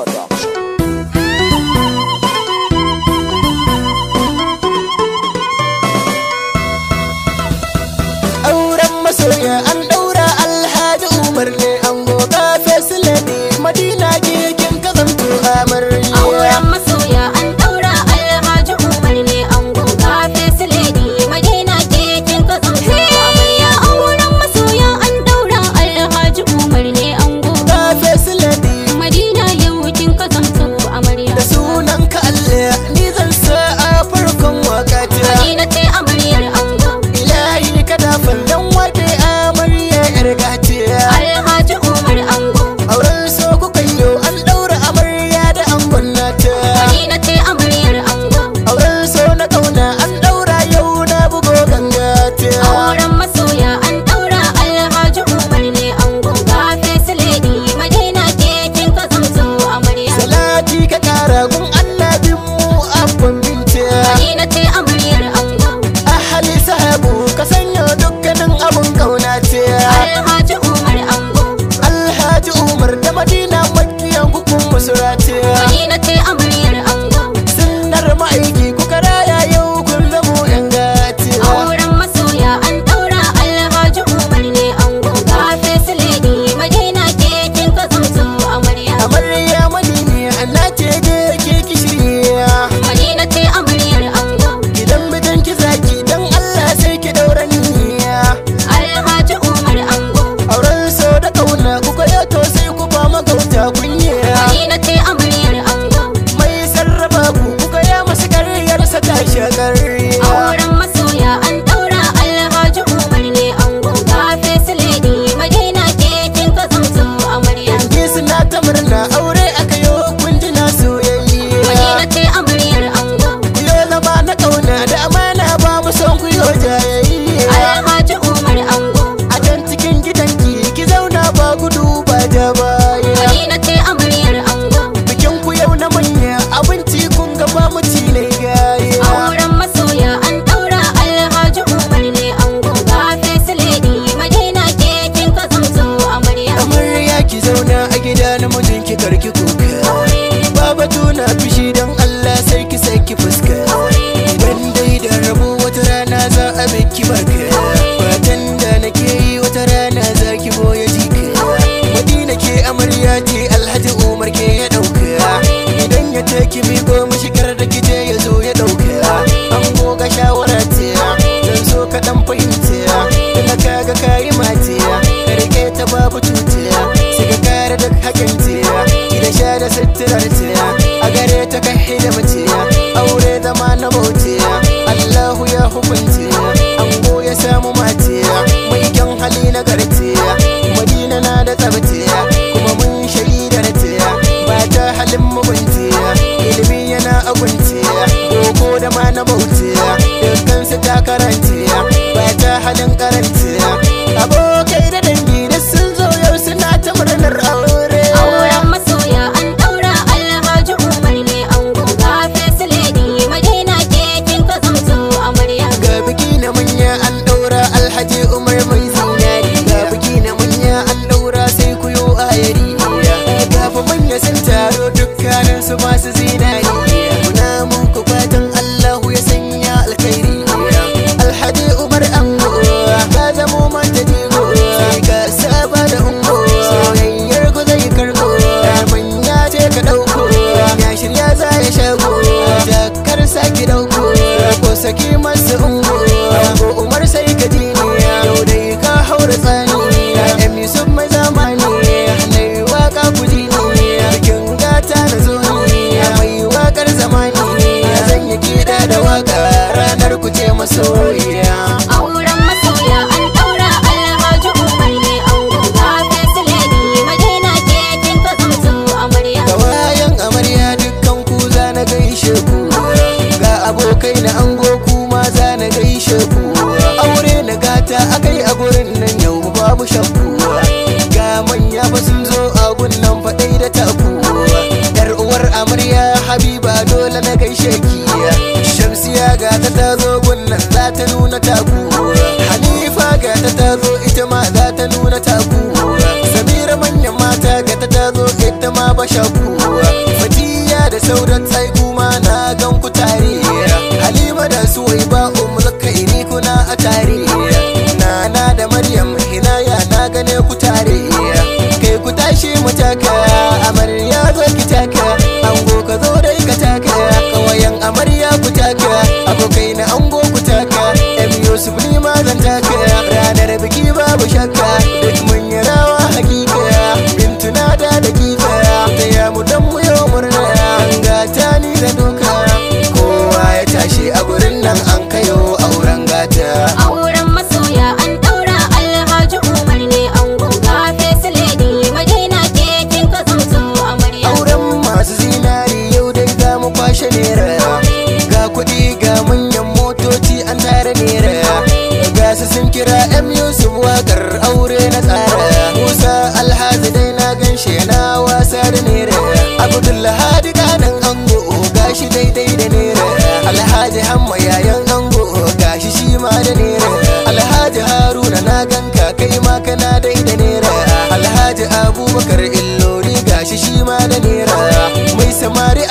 hot dogs. Gracias. daɗin ƙaranci Baba Shabu. da nere abdullahi hadi kanan ango gashi daidai da nere alhaji hamma yayan ango gashi shi ma da nere alhaji haruna na ganka kai ma kana daidai nere alhaji abubakar illori gashi shi ma da nere mai samari